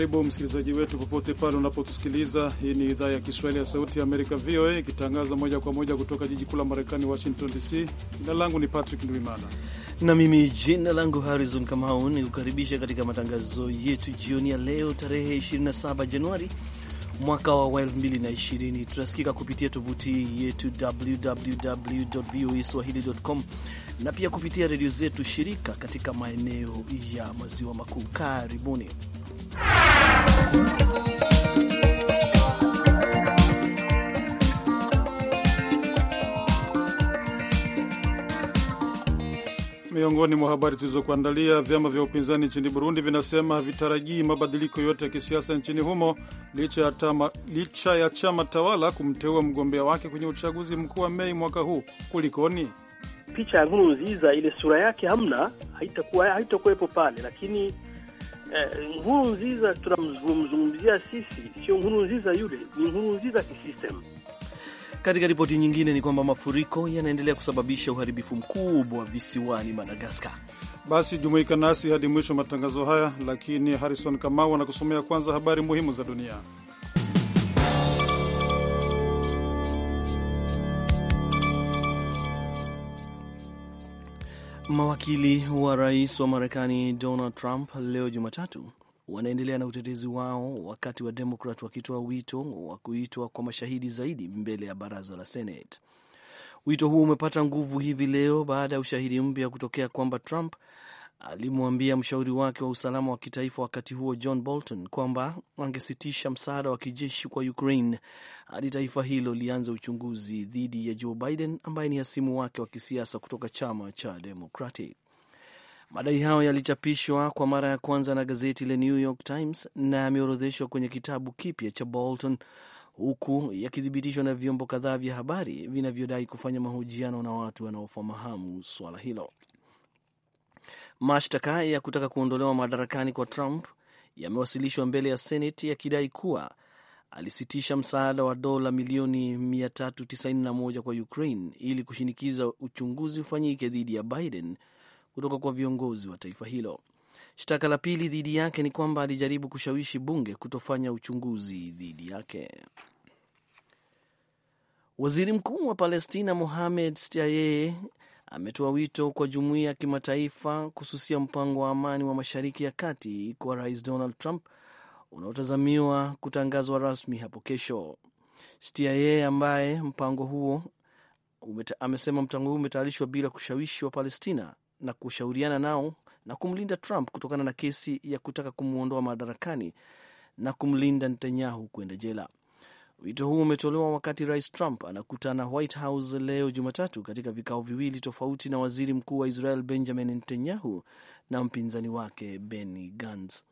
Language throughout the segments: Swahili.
Karibu msikilizaji wetu popote pale unapotusikiliza. Hii ni idhaa ya Kiswahili ya Sauti ya Amerika, VOA, ikitangaza moja kwa moja kutoka jiji kuu la Marekani, Washington DC. Jina langu ni Patrick Ndwimana na mimi jina langu Harrison Kamau, ni kukaribisha katika matangazo yetu jioni ya leo tarehe 27 Januari mwaka wa 2020. Tunasikika kupitia tovuti yetu www voa swahili.com na pia kupitia redio zetu shirika katika maeneo ya maziwa makuu. Karibuni. Miongoni mwa habari tulizokuandalia, vyama vya upinzani nchini Burundi vinasema havitarajii mabadiliko yote ya kisiasa nchini humo licha ya, tama, licha ya chama tawala kumteua mgombea wake kwenye uchaguzi mkuu wa Mei mwaka huu. Kulikoni? Picha ya Nkurunziza ile sura yake hamna, haitakuwepo pale, lakini Eh, Nziza tunamzungumzia sisi, sio Nguru Nziza yule, ni Nguru Nziza kisystem. Katika ripoti nyingine ni kwamba mafuriko yanaendelea kusababisha uharibifu mkubwa visiwani Madagaskar. Basi jumuika nasi hadi mwisho matangazo haya, lakini Harrison Kamau anakusomea kwanza habari muhimu za dunia. Mawakili wa rais wa Marekani Donald Trump leo Jumatatu wanaendelea na utetezi wao wakati wa Demokrat wakitoa wito wa kuitwa kwa mashahidi zaidi mbele ya baraza la Senate. Wito huo umepata nguvu hivi leo baada ya ushahidi mpya kutokea kwamba Trump alimwambia mshauri wake wa usalama wa kitaifa wakati huo John Bolton kwamba angesitisha msaada wa kijeshi kwa Ukraine hadi taifa hilo lianze uchunguzi dhidi ya Joe Biden ambaye ni hasimu wake wa kisiasa kutoka chama cha Democratic. Madai hayo yalichapishwa kwa mara ya kwanza na gazeti la New York Times na yameorodheshwa kwenye kitabu kipya cha Bolton, huku yakithibitishwa na vyombo kadhaa vya habari vinavyodai kufanya mahojiano na watu wanaofahamu swala hilo. Mashtaka ya kutaka kuondolewa madarakani kwa Trump yamewasilishwa mbele ya Seneti yakidai kuwa alisitisha msaada wa dola milioni 391 kwa Ukraine ili kushinikiza uchunguzi ufanyike dhidi ya Biden kutoka kwa viongozi wa taifa hilo. Shtaka la pili dhidi yake ni kwamba alijaribu kushawishi bunge kutofanya uchunguzi dhidi yake. Waziri mkuu wa Palestina Mohamed Stiaye ametoa wito kwa jumuiya ya kimataifa kususia mpango wa amani wa Mashariki ya Kati kwa Rais Donald Trump unaotazamiwa kutangazwa rasmi hapo kesho. stia yeye ambaye mpango huo umeta, amesema mpango huo umetayarishwa bila kushawishi wa Palestina na kushauriana nao na kumlinda Trump kutokana na kesi ya kutaka kumwondoa madarakani na kumlinda Netanyahu kwenda jela. Wito huu umetolewa wakati Rais Trump anakutana White House leo Jumatatu katika vikao viwili tofauti na waziri mkuu wa Israel Benjamin Netanyahu na mpinzani wake Benny Gantz.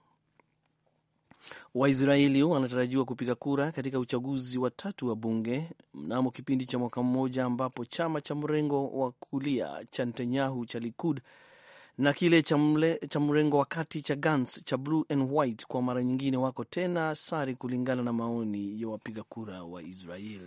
Waisraeli wanatarajiwa kupiga kura katika uchaguzi wa tatu wa bunge mnamo kipindi cha mwaka mmoja ambapo chama cha mrengo wa kulia cha Netanyahu cha Likud na kile cha, mrengo wa kati cha Gans cha Blue and White kwa mara nyingine wako tena sare, kulingana na maoni ya wapiga kura wa Israel.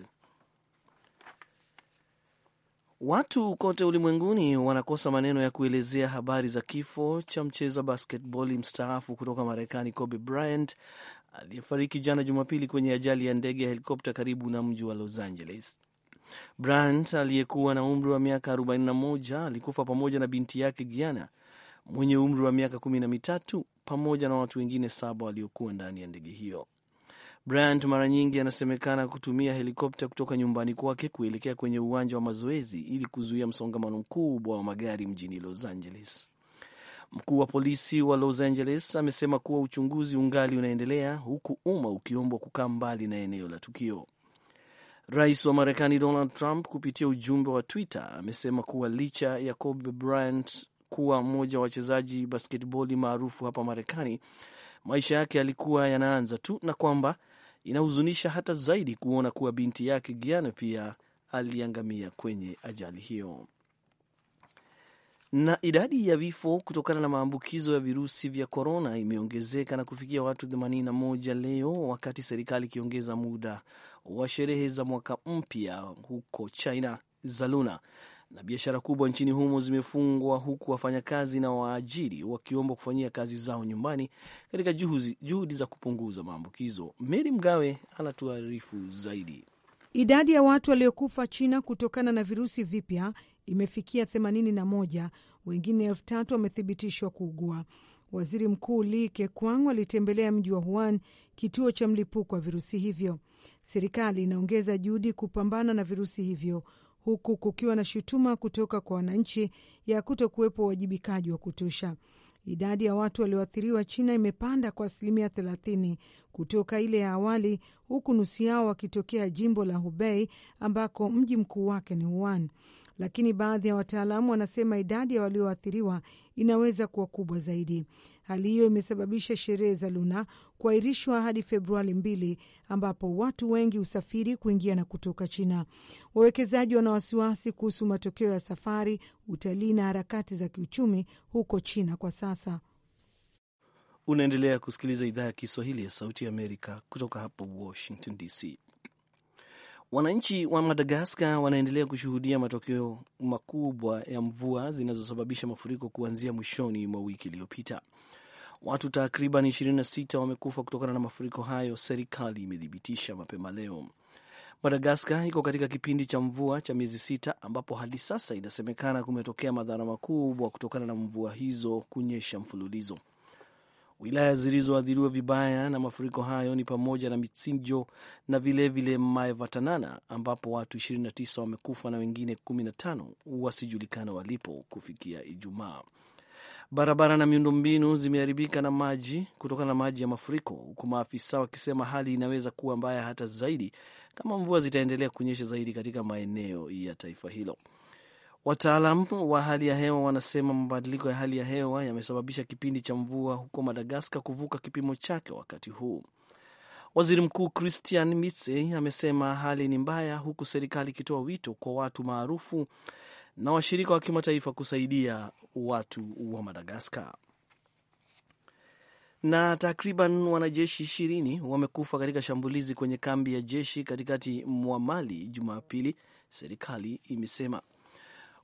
Watu kote ulimwenguni wanakosa maneno ya kuelezea habari za kifo cha mcheza basketball mstaafu kutoka Marekani Kobe Bryant aliyefariki jana Jumapili kwenye ajali ya ndege ya helikopta karibu na mji wa Los Angeles. Bryant aliyekuwa na umri wa miaka 41 alikufa pamoja na binti yake Gianna mwenye umri wa miaka kumi na mitatu pamoja na watu wengine saba waliokuwa ndani ya ndege hiyo. Bryant mara nyingi anasemekana kutumia helikopta kutoka nyumbani kwake kuelekea kwenye uwanja wa mazoezi ili kuzuia msongamano mkubwa wa magari mjini Los Angeles. Mkuu wa polisi wa Los Angeles amesema kuwa uchunguzi ungali unaendelea huku umma ukiombwa kukaa mbali na eneo la tukio. Rais wa Marekani Donald Trump kupitia ujumbe wa Twitter amesema kuwa licha ya Kobe Bryant kuwa mmoja wa wachezaji basketboli maarufu hapa Marekani, maisha yake yalikuwa yanaanza tu, na kwamba inahuzunisha hata zaidi kuona kuwa binti yake Gianna pia aliangamia kwenye ajali hiyo. Na idadi ya vifo kutokana na maambukizo ya virusi vya korona imeongezeka na kufikia watu 81 leo, wakati serikali ikiongeza muda wa sherehe za mwaka mpya huko China za na biashara kubwa nchini humo zimefungwa huku wafanyakazi na waajiri wakiomba kufanyia kazi zao nyumbani katika juhudi za kupunguza maambukizo. Meri Mgawe anatuarifu zaidi. Idadi ya watu waliokufa China kutokana na virusi vipya imefikia 81, wengine elfu tatu wamethibitishwa kuugua. Waziri Mkuu Li Kekwang alitembelea mji wa Wuhan, kituo cha mlipuko wa virusi hivyo. Serikali inaongeza juhudi kupambana na virusi hivyo huku kukiwa na shutuma kutoka kwa wananchi ya kuto kuwepo uwajibikaji wa kutosha. Idadi ya watu walioathiriwa China imepanda kwa asilimia 30 kutoka ile ya awali, huku nusu yao wakitokea jimbo la Hubei ambako mji mkuu wake ni Wuhan lakini baadhi ya wataalamu wanasema idadi ya walioathiriwa inaweza kuwa kubwa zaidi. Hali hiyo imesababisha sherehe za Luna kuahirishwa hadi Februari mbili, ambapo watu wengi husafiri kuingia na kutoka China. Wawekezaji wana wasiwasi kuhusu matokeo ya safari, utalii na harakati za kiuchumi huko China kwa sasa. Unaendelea kusikiliza idhaa ya Kiswahili ya Sauti ya Amerika kutoka hapa Washington DC. Wananchi wa Madagaskar wanaendelea kushuhudia matokeo makubwa ya mvua zinazosababisha mafuriko kuanzia mwishoni mwa wiki iliyopita. Watu takriban 26 wamekufa kutokana na mafuriko hayo, serikali imethibitisha mapema leo. Madagaskar iko katika kipindi cha mvua cha miezi sita ambapo hadi sasa inasemekana kumetokea madhara makubwa kutokana na mvua hizo kunyesha mfululizo. Wilaya zilizoathiriwa vibaya na mafuriko hayo ni pamoja na Mitsinjo na vilevile Maevatanana ambapo watu 29 wamekufa na wengine 15 wasijulikana walipo kufikia Ijumaa. Barabara na miundombinu zimeharibika na maji kutokana na maji ya mafuriko, huku maafisa wakisema hali inaweza kuwa mbaya hata zaidi kama mvua zitaendelea kunyesha zaidi katika maeneo ya taifa hilo. Wataalam wa hali ya hewa wanasema mabadiliko ya hali ya hewa yamesababisha kipindi cha mvua huko Madagaskar kuvuka kipimo chake wakati huu. Waziri Mkuu Christian Mitse amesema hali ni mbaya, huku serikali ikitoa wito kwa watu maarufu na washirika wa kimataifa kusaidia watu wa Madagaskar. Na takriban wanajeshi ishirini wamekufa katika shambulizi kwenye kambi ya jeshi katikati mwa Mali Jumapili, serikali imesema.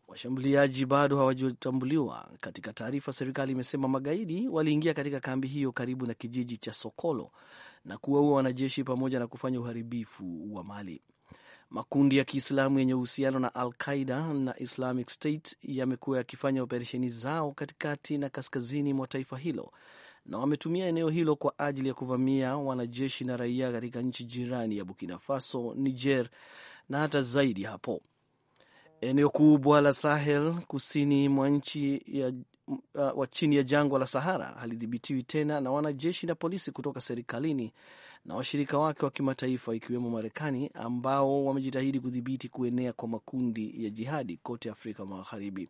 Washambuliaji bado hawajatambuliwa. Katika taarifa, serikali imesema magaidi waliingia katika kambi hiyo karibu na kijiji cha Sokolo na kuwaua wanajeshi pamoja na kufanya uharibifu wa mali. Makundi ya Kiislamu yenye uhusiano na Al Qaida na Islamic State yamekuwa yakifanya operesheni zao katikati na kaskazini mwa taifa hilo na wametumia eneo hilo kwa ajili ya kuvamia wanajeshi na raia katika nchi jirani ya Burkina Faso, Niger na hata zaidi hapo eneo kubwa la Sahel kusini mwa nchi ya uh, wa chini ya jangwa la Sahara halidhibitiwi tena na wanajeshi na polisi kutoka serikalini na washirika wake wa kimataifa ikiwemo Marekani ambao wamejitahidi kudhibiti kuenea kwa makundi ya jihadi kote Afrika Magharibi.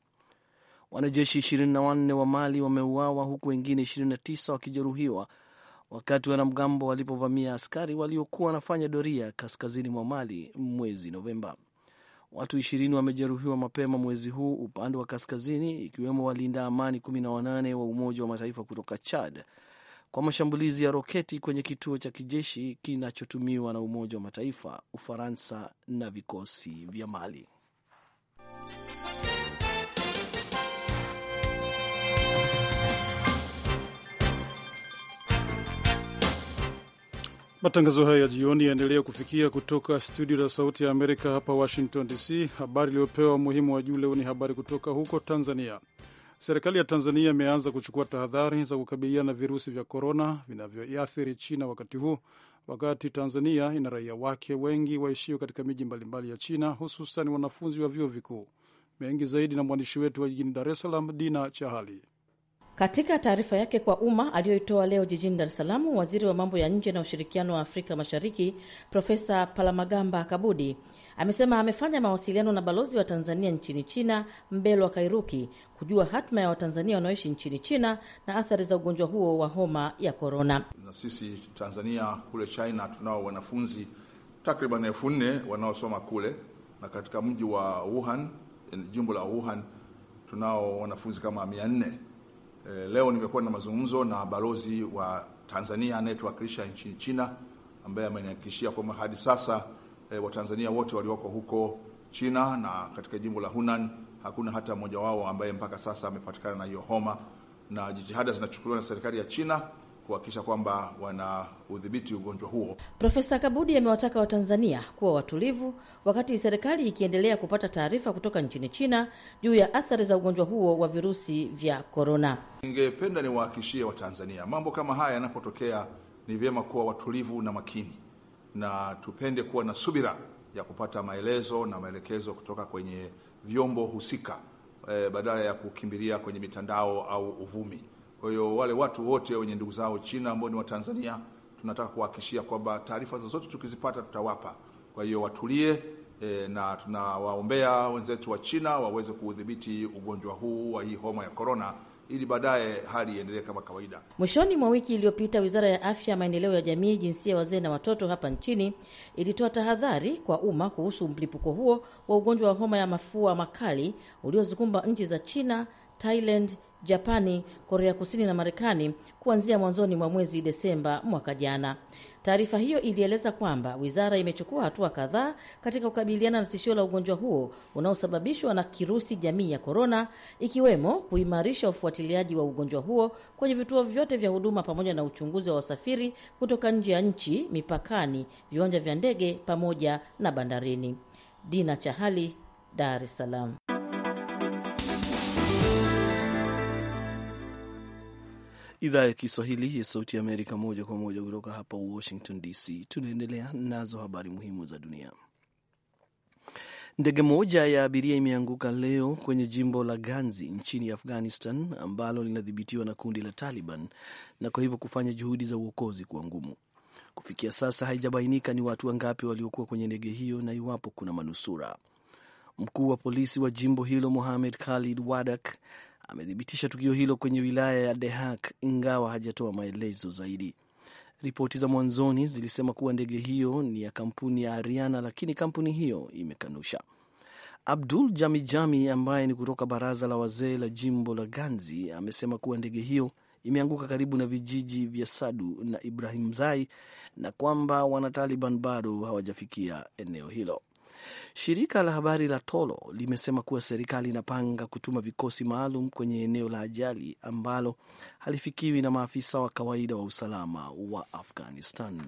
Wanajeshi 24 wa Mali wameuawa huku wengine 29 wakijeruhiwa wakati wanamgambo walipovamia askari waliokuwa wanafanya doria kaskazini mwa Mali mwezi Novemba. Watu ishirini wamejeruhiwa mapema mwezi huu upande wa kaskazini, ikiwemo walinda amani kumi na wanane wa Umoja wa Mataifa kutoka Chad kwa mashambulizi ya roketi kwenye kituo cha kijeshi kinachotumiwa na Umoja wa Mataifa, Ufaransa na vikosi vya Mali. Matangazo haya ya jioni yaendelea kufikia kutoka studio la Sauti ya Amerika hapa Washington DC. Habari iliyopewa umuhimu wa juu leo ni habari kutoka huko Tanzania. Serikali ya Tanzania imeanza kuchukua tahadhari za kukabiliana na virusi vya korona vinavyoathiri China wakati huu, wakati Tanzania ina raia wake wengi waishio katika miji mbalimbali ya China, hususan wanafunzi wa vyuo vikuu. Mengi zaidi na mwandishi wetu wa jijini Dar es Salaam, Dina Chahali. Katika taarifa yake kwa umma aliyoitoa leo jijini Dar es Salaam, waziri wa mambo ya nje na ushirikiano wa Afrika Mashariki Profesa Palamagamba Kabudi amesema amefanya mawasiliano na balozi wa Tanzania nchini China Mbelwa Kairuki kujua hatma ya Watanzania wanaoishi nchini China na athari za ugonjwa huo wa homa ya korona. Na sisi Tanzania kule China tunao wanafunzi takriban elfu nne wanaosoma kule, na katika mji wa Wuhan, jimbo la Wuhan tunao wanafunzi kama mia nne E, leo nimekuwa na mazungumzo na balozi wa Tanzania anayetuwakilisha nchini China ambaye amenihakikishia kwamba hadi sasa e, Watanzania wote walioko huko China na katika jimbo la Hunan hakuna hata mmoja wao ambaye mpaka sasa amepatikana na hiyo homa, na jitihada zinachukuliwa na serikali ya China kuhakikisha kwamba wana udhibiti ugonjwa huo. Profesa Kabudi amewataka Watanzania kuwa watulivu wakati serikali ikiendelea kupata taarifa kutoka nchini China juu ya athari za ugonjwa huo wa virusi vya korona. Ningependa niwahakikishie Watanzania, mambo kama haya yanapotokea ni vyema kuwa watulivu na makini, na tupende kuwa na subira ya kupata maelezo na maelekezo kutoka kwenye vyombo husika, eh, badala ya kukimbilia kwenye mitandao au uvumi. Kwa hiyo wale watu wote wenye ndugu zao China ambao ni wa tanzania tunataka kuhakikishia kwamba taarifa zozote tukizipata tutawapa. Kwa hiyo watulie e, na tunawaombea wenzetu wa China waweze kuudhibiti ugonjwa huu wa hii homa ya korona ili baadaye hali iendelee kama kawaida. Mwishoni mwa wiki iliyopita, Wizara ya Afya, Maendeleo ya Jamii, Jinsia, Wazee na Watoto hapa nchini ilitoa tahadhari kwa umma kuhusu mlipuko huo wa ugonjwa wa homa ya mafua makali uliozikumba nchi za China, Thailand, Japani, Korea Kusini na Marekani kuanzia mwanzoni mwa mwezi Desemba mwaka jana. Taarifa hiyo ilieleza kwamba wizara imechukua hatua kadhaa katika kukabiliana na tishio la ugonjwa huo unaosababishwa na kirusi jamii ya korona, ikiwemo kuimarisha ufuatiliaji wa ugonjwa huo kwenye vituo vyote vya huduma pamoja na uchunguzi wa wasafiri kutoka nje ya nchi, mipakani, viwanja vya ndege pamoja na bandarini. Dina Chahali, Dar es Salaam. Idhaa ya Kiswahili ya Sauti ya Amerika, moja kwa moja kutoka hapa Washington DC. Tunaendelea nazo habari muhimu za dunia. Ndege moja ya abiria imeanguka leo kwenye jimbo la Ganzi nchini Afghanistan ambalo linadhibitiwa na kundi la Taliban na kwa hivyo kufanya juhudi za uokozi kuwa ngumu. Kufikia sasa haijabainika ni watu wangapi waliokuwa kwenye ndege hiyo na iwapo kuna manusura. Mkuu wa polisi wa jimbo hilo Mohamed Khalid Wadak amethibitisha tukio hilo kwenye wilaya ya Dehak ingawa hajatoa maelezo zaidi. Ripoti za mwanzoni zilisema kuwa ndege hiyo ni ya kampuni ya Ariana, lakini kampuni hiyo imekanusha. Abdul Jamijami Jami, ambaye ni kutoka baraza la wazee la jimbo la Ganzi, amesema kuwa ndege hiyo imeanguka karibu na vijiji vya Sadu na Ibrahim Zai na kwamba Wanataliban bado hawajafikia eneo hilo. Shirika la habari la Tolo limesema kuwa serikali inapanga kutuma vikosi maalum kwenye eneo la ajali ambalo halifikiwi na maafisa wa kawaida wa usalama wa Afghanistan.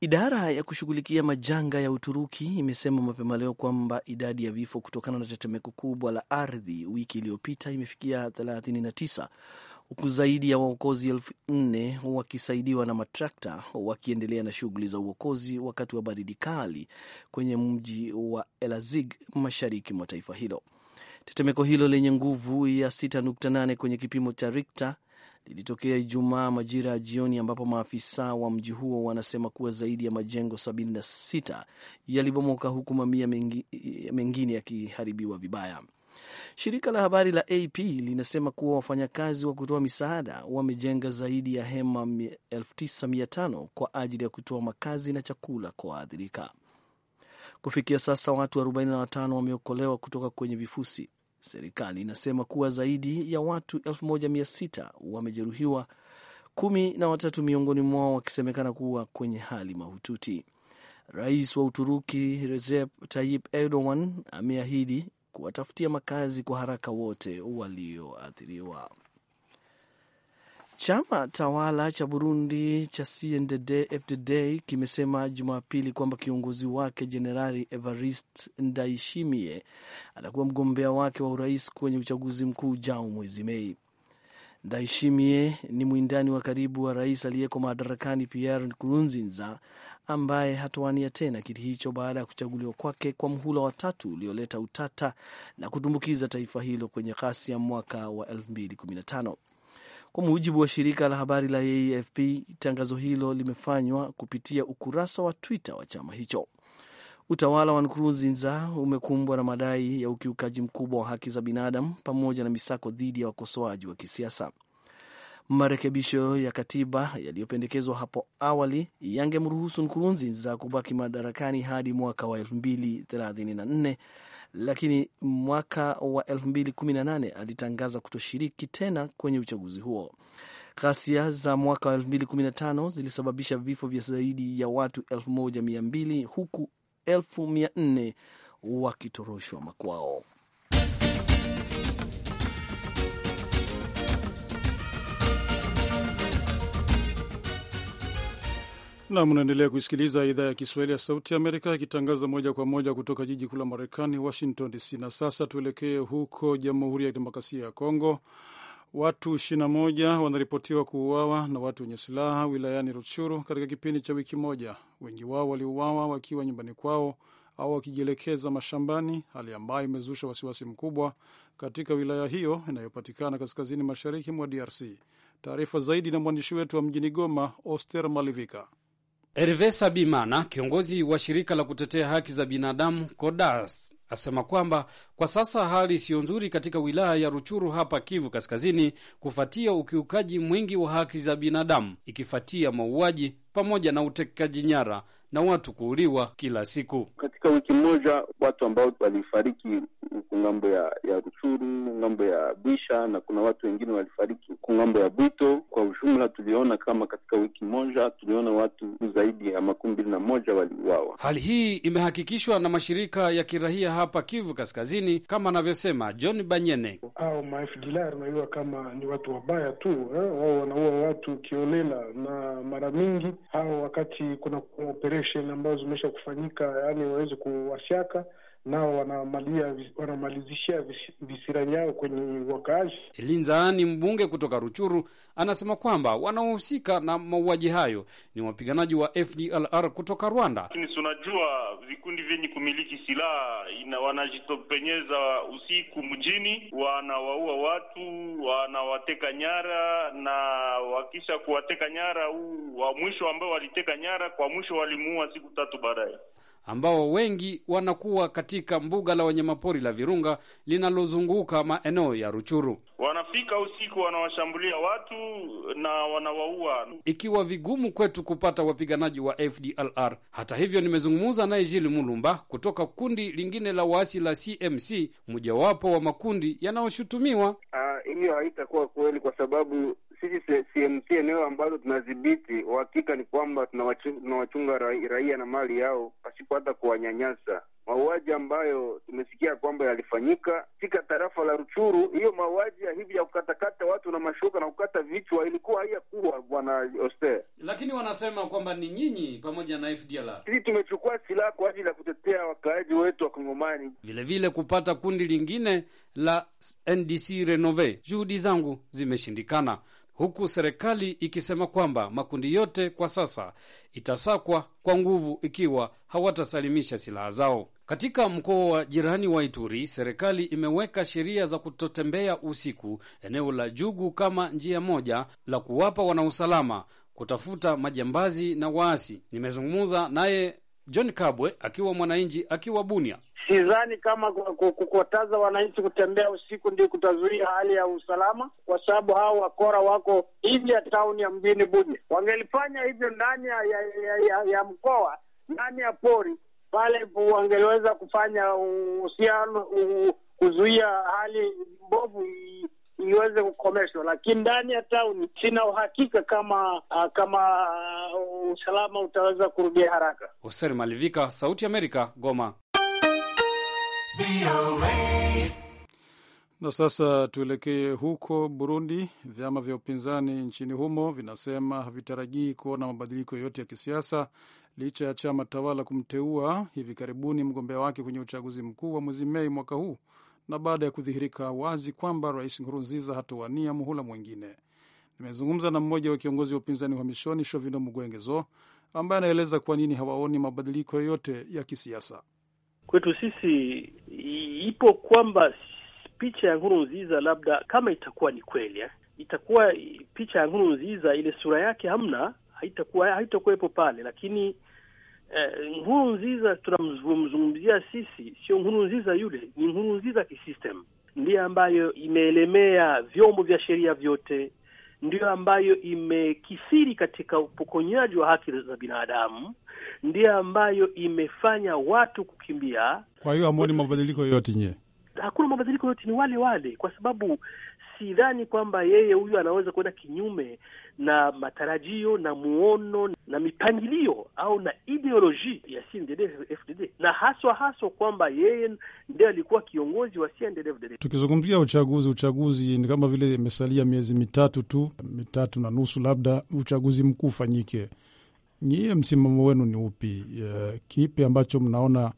Idara ya kushughulikia majanga ya Uturuki imesema mapema leo kwamba idadi ya vifo kutokana na tetemeko kubwa la ardhi wiki iliyopita imefikia 39 huku zaidi ya waokozi elfu nne wakisaidiwa na matrakta wakiendelea na shughuli za uokozi wakati wa baridi kali kwenye mji wa Elazig mashariki mwa taifa hilo. Tetemeko hilo lenye nguvu ya 6.8 kwenye kipimo cha Richter lilitokea Ijumaa majira ya jioni, ambapo maafisa wa mji huo wanasema kuwa zaidi ya majengo 76 yalibomoka huku mamia mengine yakiharibiwa vibaya. Shirika la habari la AP linasema kuwa wafanyakazi wa kutoa misaada wamejenga zaidi ya hema 95 kwa ajili ya kutoa makazi na chakula kwa waathirika. Kufikia sasa watu 45 wameokolewa kutoka kwenye vifusi. Serikali inasema kuwa zaidi ya watu 1600 wamejeruhiwa, kumi na watatu miongoni mwao wakisemekana kuwa kwenye hali mahututi. Rais wa Uturuki Recep Tayyip Erdogan ameahidi kuwatafutia makazi kwa haraka wote walioathiriwa. Chama tawala cha Burundi cha CNDD-FDD kimesema Jumapili kwamba kiongozi wake Jenerali Evariste Ndayishimiye atakuwa mgombea wake wa urais kwenye uchaguzi mkuu ujao mwezi Mei. Ndayishimiye ni mwindani wa karibu wa rais aliyeko madarakani Pierre Nkurunziza, ambaye hatoania tena kiti hicho baada ya kuchaguliwa kwake kwa mhula wa tatu ulioleta utata na kutumbukiza taifa hilo kwenye ghasia mwaka wa 2015. Kwa mujibu wa shirika la habari la AFP, tangazo hilo limefanywa kupitia ukurasa wa Twitter wa chama hicho. Utawala wa Nkurunziza umekumbwa na madai ya ukiukaji mkubwa wa haki za binadamu pamoja na misako dhidi ya wakosoaji wa kisiasa. Marekebisho ya katiba yaliyopendekezwa hapo awali yangemruhusu Nkurunziza kubaki madarakani hadi mwaka wa 2034 lakini mwaka wa 2018 alitangaza kutoshiriki tena kwenye uchaguzi huo. Ghasia za mwaka wa 2015 zilisababisha vifo vya zaidi ya watu 1200 huku elfu mia nne wakitoroshwa makwao. nam unaendelea kuisikiliza idhaa ya Kiswahili ya Sauti ya Amerika ikitangaza moja kwa moja kutoka jiji kuu la Marekani, Washington DC. Na sasa tuelekee huko Jamhuri ya Kidemokrasia ya Kongo. Watu 21 wanaripotiwa kuuawa na watu wenye silaha wilayani Rutshuru katika kipindi cha wiki moja Wengi wao waliuawa wakiwa nyumbani kwao au wakijielekeza mashambani, hali ambayo imezusha wasiwasi mkubwa katika wilaya hiyo inayopatikana kaskazini mashariki mwa DRC. Taarifa zaidi na mwandishi wetu wa mjini Goma, Oster Malivika. Herve Sabimana, kiongozi wa shirika la kutetea haki za binadamu codas asema kwamba kwa sasa hali siyo nzuri katika wilaya ya Ruchuru hapa Kivu Kaskazini, kufuatia ukiukaji mwingi wa haki za binadamu, ikifuatia mauaji pamoja na utekaji nyara na watu kuuliwa kila siku. Katika wiki moja watu ambao walifariki ng'ambo ya ya Ruchuru, ng'ambo ya bisha na kuna watu wengine walifariki ku ng'ambo ya Bwito. Kwa ujumla, tuliona kama katika wiki moja tuliona watu zaidi ya makumi mbili na moja waliuawa. Hali hii imehakikishwa na mashirika ya kirahia hapa Kivu Kaskazini, kama anavyosema John Banyene. Au mafdilar naiwa kama ni watu wabaya tu eh, wao wanaua watu kiolela na mara mingi hao wakati kuna operation ambazo zimesha kufanyika, yaani waweze kuwashaka nao wanamalizishia yao kwenye wakaaji. Linza ni mbunge kutoka Ruchuru, anasema kwamba wanaohusika na mauaji hayo ni wapiganaji wa FDLR kutoka Rwanda. Tunajua vikundi vyenye kumiliki silaha wanajitopenyeza usiku mjini, wanawaua watu, wanawateka nyara, na wakisha kuwateka nyara, huu wa mwisho ambao waliteka nyara, kwa mwisho walimuua siku tatu baadaye ambao wengi wanakuwa katika mbuga la wanyamapori la Virunga linalozunguka maeneo ya Ruchuru. Wanafika usiku, wanawashambulia watu na wanawaua, ikiwa vigumu kwetu kupata wapiganaji wa FDLR. Hata hivyo, nimezungumza naye Jili Mulumba kutoka kundi lingine la waasi la CMC, mojawapo wa makundi yanayoshutumiwa. Ah, hiyo haitakuwa kweli kwa sababu sisi CMC eneo ambalo tunadhibiti, uhakika ni kwamba tunawachunga raia na mali yao pasipo hata kuwanyanyasa. Mauaji ambayo tumesikia kwamba yalifanyika katika tarafa la Ruchuru, hiyo mauaji ya hivi ya kukatakata watu na mashoka na kukata vichwa ilikuwa haiyakuwa, bwana Oster. Lakini wanasema kwamba ni nyinyi pamoja na FDLR. Sisi tumechukua silaha kwa ajili ya kutetea wakaaji wetu wa Kongomani, vilevile kupata kundi lingine la NDC Renove. Juhudi zangu zimeshindikana huku serikali ikisema kwamba makundi yote kwa sasa itasakwa kwa nguvu ikiwa hawatasalimisha silaha zao. Katika mkoa wa jirani wa Ituri, serikali imeweka sheria za kutotembea usiku eneo la Jugu kama njia moja la kuwapa wanausalama kutafuta majambazi na waasi. Nimezungumza naye John Kabwe akiwa mwananchi akiwa Bunia. Sidhani kama kukataza wananchi kutembea usiku ndio kutazuia hali ya usalama, kwa sababu hao wakora wako nje ya tauni ya mjini Bunia. Wangelifanya hivyo ndani ya, ya, ya, ya mkoa, ndani ya pori pale, wangeliweza kufanya uhusiano, kuzuia hali mbovu iweze kukomeshwa, lakini ndani ya tauni sina uhakika kama ah, kama ah, usalama utaweza kurudia haraka. Hussein Malivika, Sauti Amerika, Goma. Na sasa tuelekee huko Burundi. Vyama vya upinzani nchini humo vinasema havitarajii kuona mabadiliko yoyote ya kisiasa licha ya chama tawala kumteua hivi karibuni mgombea wake kwenye uchaguzi mkuu wa mwezi Mei mwaka huu na baada ya kudhihirika wazi kwamba Rais Nkurunziza hatowania muhula mwingine. Nimezungumza na mmoja wa kiongozi wa upinzani uhamishoni Shovino Mugwengezo ambaye anaeleza kwa nini hawaoni mabadiliko yoyote ya kisiasa. Kwetu sisi ipo kwamba picha ya Nkurunziza labda kama itakuwa ni kweli eh, itakuwa picha ya Nkurunziza ile sura yake hamna, haitakuwa haitakuwepo pale, lakini Eh, nkuru nziza tunamzungumzia sisi, sio nkuru nziza yule, ni nkuru nziza kisystem, ndiyo ambayo imeelemea vyombo vya sheria vyote, ndiyo ambayo imekithiri katika upokonyaji wa haki za binadamu, ndiyo ambayo imefanya watu kukimbia. Kwa hiyo hamuoni mabadiliko yoyote nyewe? Hakuna mabadiliko yote, ni wale wale, kwa sababu sidhani kwamba yeye huyu anaweza kuenda kinyume na matarajio na muono na mipangilio au na ideoloji ya CNDD-FDD na haswa haswa kwamba yeye ndiye alikuwa kiongozi wa CNDD-FDD. Tukizungumzia uchaguzi, uchaguzi ni kama vile imesalia miezi mitatu tu, mitatu na nusu labda uchaguzi mkuu ufanyike. Nyiye msimamo wenu ni upi? Eh, kipi ambacho mnaona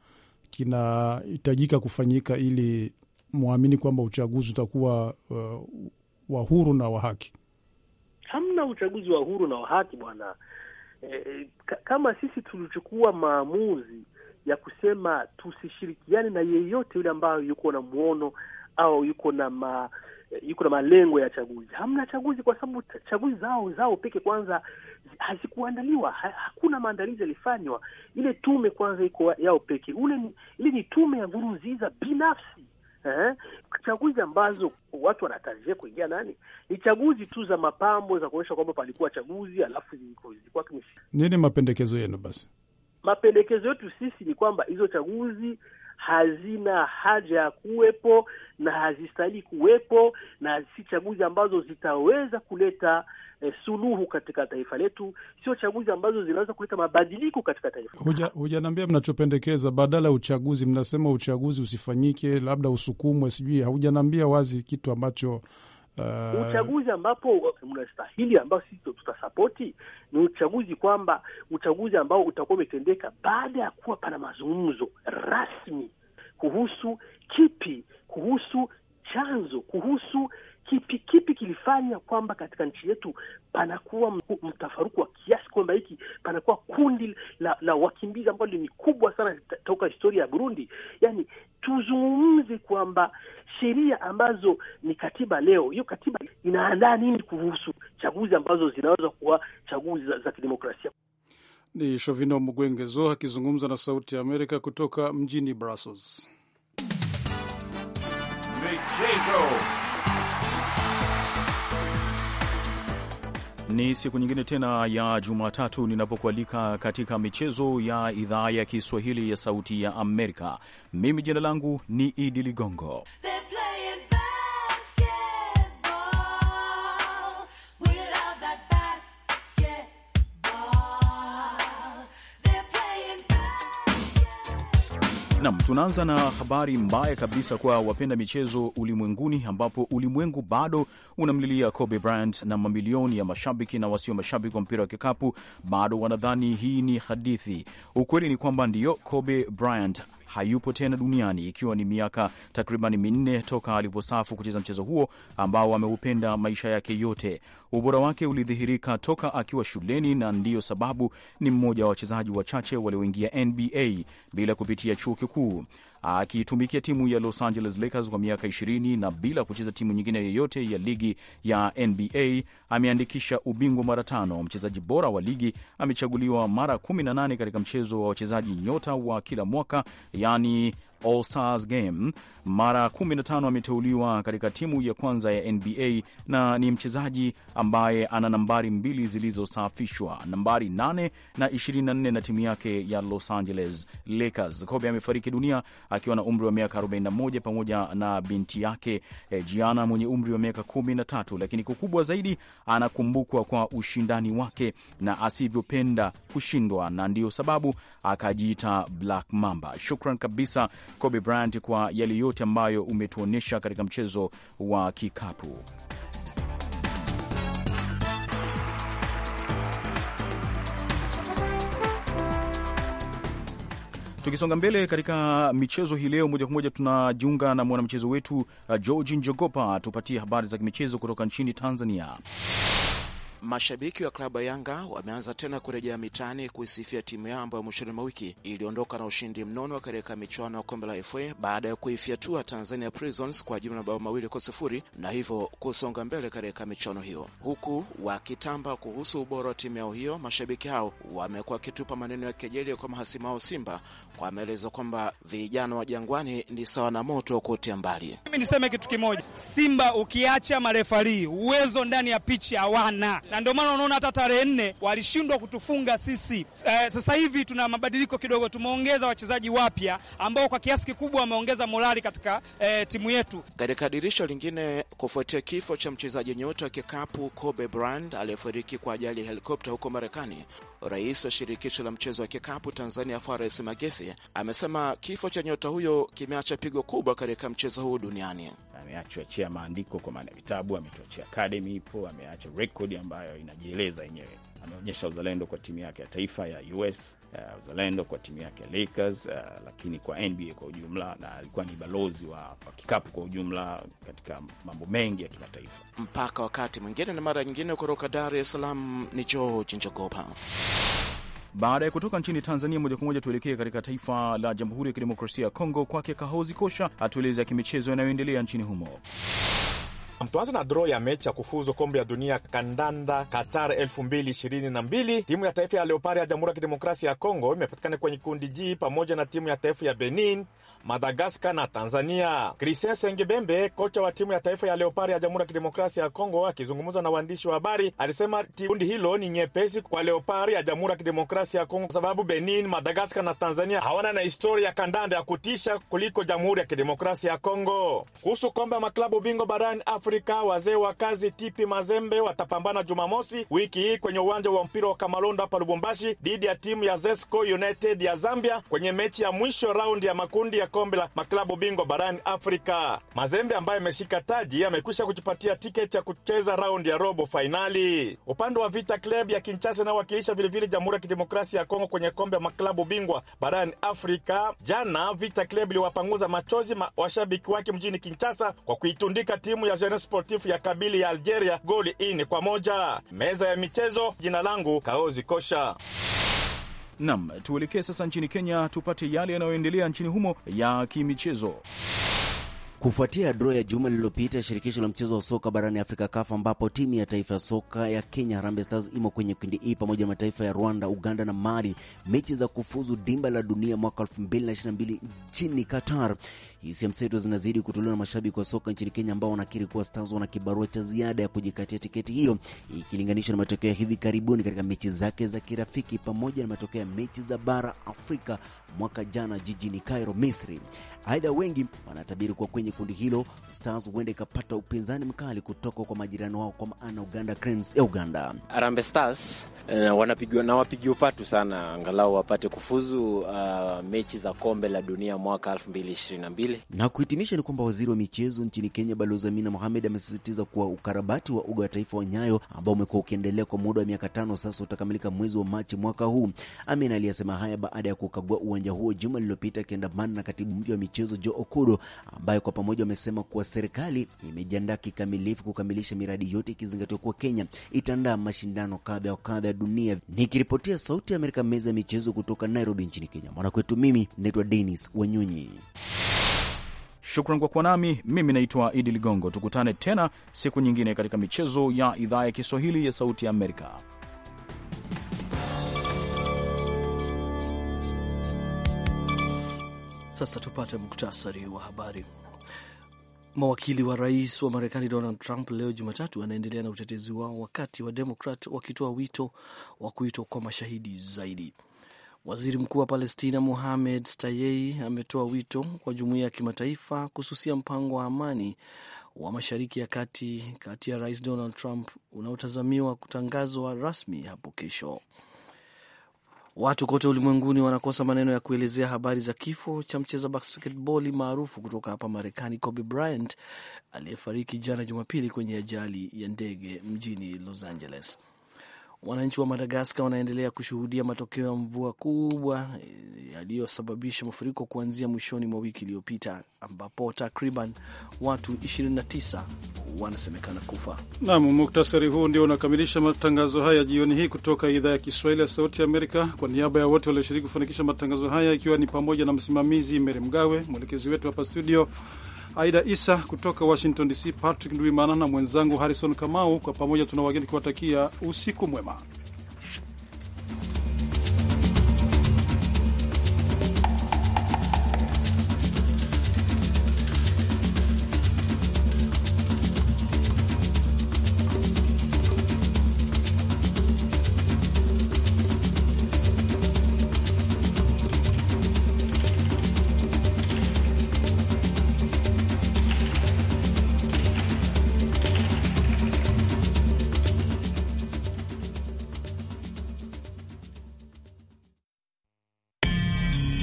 kinahitajika kufanyika ili mwamini kwamba uchaguzi utakuwa uh, wa huru na wa haki? Hamna uchaguzi wa huru na wa haki bwana. E, kama sisi tulichukua maamuzi ya kusema tusishirikiane na yeyote yule ambayo yuko na muono au yuko na ma, eh, yuko na malengo ya chaguzi, hamna chaguzi kwa sababu chaguzi zao zao peke kwanza hazikuandaliwa, hakuna maandalizi yalifanywa. Ile tume kwanza iko yao peke, ule ile ni tume ya Nkurunziza binafsi eh, chaguzi ambazo watu wanatarajia kuingia nani, ni chaguzi tu za mapambo za kuonyesha kwamba palikuwa chaguzi, alafu zilikuwa kimisi. Nini mapendekezo yenu? Basi mapendekezo yetu sisi ni kwamba hizo chaguzi hazina haja ya kuwepo na hazistahili kuwepo na si chaguzi ambazo zitaweza kuleta e, suluhu katika taifa letu, sio chaguzi ambazo zinaweza kuleta mabadiliko katika taifa. Hujaniambia mnachopendekeza badala ya uchaguzi, mnasema uchaguzi usifanyike, labda usukumwe, sijui. Haujaniambia wazi kitu ambacho Uh, uchaguzi ambapo mnastahili ambao sisi tutasapoti ni uchaguzi kwamba uchaguzi ambao utakuwa umetendeka baada ya kuwa pana mazungumzo rasmi kuhusu kipi, kuhusu chanzo, kuhusu kipi kipi kilifanya kwamba katika nchi yetu panakuwa mtafaruku wa kiasi kwamba hiki panakuwa kundi la, la wakimbizi ambalo ni kubwa sana toka historia ya Burundi. Yani tuzungumze kwamba sheria ambazo ni katiba leo. Hiyo katiba inaandaa nini kuhusu chaguzi ambazo zinaweza kuwa chaguzi za, za kidemokrasia? Ni Shovino Mugwengezo akizungumza na Sauti ya Amerika kutoka mjini Brussels. Michezo. Ni siku nyingine tena ya Jumatatu ninapokualika katika michezo ya idhaa ya Kiswahili ya Sauti ya Amerika. Mimi jina langu ni Idi Ligongo. Nam, tunaanza na habari mbaya kabisa kwa wapenda michezo ulimwenguni, ambapo ulimwengu bado unamlilia Kobe Bryant na mamilioni ya mashabiki na wasio mashabiki wa mpira wa kikapu bado wanadhani hii ni hadithi. Ukweli ni kwamba ndiyo, Kobe Bryant hayupo tena duniani, ikiwa ni miaka takriban minne toka aliposafu kucheza mchezo huo ambao ameupenda maisha yake yote. Ubora wake ulidhihirika toka akiwa shuleni na ndiyo sababu ni mmoja wa wachezaji wachache walioingia NBA bila kupitia chuo kikuu akiitumikia timu ya Los Angeles Lakers kwa miaka 20 na bila kucheza timu nyingine yoyote ya ligi ya NBA. Ameandikisha ubingwa mara tano, mchezaji bora wa ligi, amechaguliwa mara 18 katika mchezo wa wachezaji nyota wa kila mwaka, yani All Stars Game mara 15 ameteuliwa katika timu ya kwanza ya NBA na ni mchezaji ambaye ana nambari mbili zilizosafishwa, nambari 8 na 24 na timu yake ya Los Angeles Lakers. Kobe amefariki dunia akiwa na umri wa miaka 41 pamoja na binti yake eh, Gianna mwenye umri wa miaka 13, lakini kukubwa zaidi anakumbukwa kwa ushindani wake na asivyopenda kushindwa, na ndiyo sababu akajiita Black Mamba. Shukran kabisa Kobe Bryant kwa yale yote ambayo umetuonyesha katika mchezo wa kikapu. Tukisonga mbele katika michezo hii leo, moja kwa moja tunajiunga na mwanamchezo wetu uh, Georgi Njogopa, tupatie habari za kimichezo kutoka nchini Tanzania. Mashabiki wa klabu ya Yanga wameanza tena kurejea mitaani kuisifia timu yao ambayo mwishoni mwa wiki iliondoka na ushindi mnono katika michuano ya kombe la FA baada ya kuifyatua Tanzania Prisons kwa jumla mabao mawili kwa sifuri na hivyo kusonga mbele katika michuano hiyo. Huku wakitamba kuhusu ubora wa timu yao hiyo, mashabiki hao wamekuwa wakitupa maneno ya kejeli kwa mahasimu wao Simba kwa maelezo kwamba vijana wa Jangwani ni sawa na moto kutia mbali. Mimi niseme kitu kimoja, Simba ukiacha marefarii, uwezo ndani ya pichi hawana na ndio maana unaona hata tarehe nne walishindwa kutufunga sisi. Eh, sasa hivi tuna mabadiliko kidogo, tumeongeza wachezaji wapya ambao kwa kiasi kikubwa wameongeza morali katika eh, timu yetu. Katika dirisha lingine, kufuatia kifo cha mchezaji nyota wa kikapu Kobe Bryant aliyefariki kwa ajali ya helikopta huko Marekani, Rais wa shirikisho la mchezo wa kikapu Tanzania Fares Magesi amesema kifo cha nyota huyo kimeacha pigo kubwa katika mchezo huu duniani. ameachuachia maandiko kwa maana ya vitabu, ametuachia akademi ipo, ameacha rekodi ambayo inajieleza yenyewe ameonyesha uzalendo kwa timu yake ya taifa ya US, uh, uzalendo kwa timu yake ya Lakers, uh, lakini kwa NBA kwa ujumla, na alikuwa ni balozi wa, wa kikapu kwa ujumla katika mambo mengi ya kimataifa. Mpaka wakati mwingine na mara nyingine, kutoka Dar es Salaam ni George Njogopa. Baada ya kutoka nchini Tanzania, moja kwa moja tuelekee katika taifa la Jamhuri ya Kidemokrasia ya Kongo, kwake Kahozi Kosha atueleze ya kimichezo yanayoendelea nchini humo mtoanza na draw ya mechi ya kufuzu kombe ya dunia kandanda Qatar 2022. Timu ya taifa ya Leopard ya Jamhuri ya Kidemokrasia ya Kongo imepatikana kwenye kundi G pamoja na timu ya taifa ya Benin Madagaskar na Tanzania. Christian Sengibembe, kocha wa timu ya taifa ya Leopard ya Jamhuri ya Kidemokrasia ya Kongo, akizungumza na waandishi wa habari, alisema kundi hilo ni nyepesi kwa Leopard ya Jamhuri ya Kidemokrasia ya Kongo kwa sababu Benin, Madagaskar na Tanzania hawana na historia ya kandanda ya kutisha kuliko Jamhuri ya Kidemokrasia ya Kongo. Kuhusu kombe ya maklabu bingwa barani Afrika, wazee wa kazi Tipi Mazembe watapambana Jumamosi wiki hii kwenye uwanja wa mpira wa Kamalondo hapa Lubumbashi dhidi ya timu ya Zesco United ya Zambia kwenye mechi ya mwisho raundi ya makundi ya kombe la maklabu bingwa barani Afrika. Mazembe ambaye ameshika taji amekwisha kujipatia tiketi ya kucheza raundi ya robo fainali. Upande wa Vita Club ya Kinshasa inayowakilisha vilevile Jamhuri ya Kidemokrasia ya Kongo kwenye kombe ya maklabu bingwa barani Afrika, jana Vita Club iliwapanguza machozi ma washabiki wake mjini Kinshasa kwa kuitundika timu ya Jeunesse Sportif ya Kabili ya Algeria goli ini kwa moja. Meza ya michezo, jina langu Kaozi Kosha. Nam, tuelekee sasa nchini Kenya tupate yale yanayoendelea nchini humo ya kimichezo. Kufuatia dro ya juma lililopita shirikisho la mchezo wa soka barani Afrika CAF, ambapo timu ya taifa ya soka ya Kenya Harambee Stars imo kwenye kundi E pamoja na mataifa ya Rwanda, Uganda na Mali, mechi za kufuzu dimba la dunia mwaka 2022 nchini Qatar. Hisia mseto zinazidi kutolewa na mashabiki wa soka nchini Kenya ambao wanakiri kuwa Stars wana kibarua cha ziada ya kujikatia tiketi hiyo ikilinganishwa na matokeo ya hivi karibuni katika mechi zake za kirafiki pamoja na matokeo ya mechi za bara Afrika mwaka jana jijini Cairo, Misri. Aidha, wengi wanatabiri kuwa kwenye kundi hilo Stars huenda ikapata upinzani mkali kutoka kwa majirani wao kwa maana Uganda Cranes ya Uganda. Arambe Stars eh, wanapigiwa na wapigi upatu sana angalau wapate kufuzu uh, mechi za kombe la dunia mwaka 2022 mbele. Na kuhitimisha ni kwamba waziri wa michezo nchini Kenya, Balozi Amina Mohamed, amesisitiza kuwa ukarabati wa uga wa taifa wa Nyayo ambao umekuwa ukiendelea kwa muda wa miaka tano sasa utakamilika mwezi wa Machi mwaka huu. Amina aliyesema haya baada ya kukagua uwanja huo juma lililopita, akiandamana na katibu mpya wa michezo Jo Okudo, ambaye kwa pamoja wamesema kuwa serikali imejiandaa kikamilifu kukamilisha miradi yote, ikizingatiwa kuwa Kenya itaandaa mashindano kadha wa kadha ya dunia. Nikiripotia Sauti ya Amerika, meza ya michezo kutoka Nairobi nchini Kenya, mwanakwetu, mimi naitwa Denis Wanyonyi. Shukran kwa kuwa nami. Mimi naitwa Idi Ligongo. Tukutane tena siku nyingine katika michezo ya idhaa ya Kiswahili ya Sauti ya Amerika. Sasa tupate muktasari wa habari. Mawakili wa rais wa Marekani Donald Trump leo Jumatatu wanaendelea na utetezi wao wakati wa Demokrat wakitoa wito wa kuitwa kwa mashahidi zaidi. Waziri mkuu wa Palestina muhamed Tayei ametoa wito kwa jumuiya ya kimataifa kususia mpango wa amani wa mashariki ya kati kati ya Rais Donald Trump unaotazamiwa kutangazwa rasmi hapo kesho. Watu kote ulimwenguni wanakosa maneno ya kuelezea habari za kifo cha mcheza basketball maarufu kutoka hapa Marekani, Kobe Bryant aliyefariki jana Jumapili kwenye ajali ya ndege mjini Los Angeles. Wananchi wa Madagaskar wanaendelea kushuhudia matokeo ya mvua kubwa yaliyosababisha mafuriko kuanzia mwishoni mwa wiki iliyopita ambapo takriban watu 29 wanasemekana kufa. Nam, muktasari huu ndio unakamilisha matangazo haya jioni hii kutoka idhaa ya Kiswahili ya Sauti ya Amerika. Kwa niaba ya wote walioshiriki kufanikisha matangazo haya, ikiwa ni pamoja na msimamizi Meri Mgawe, mwelekezi wetu hapa studio Aida Isa kutoka Washington DC, Patrick Ndwimana na mwenzangu Harrison Kamau, kwa pamoja tuna wageni kuwatakia usiku mwema.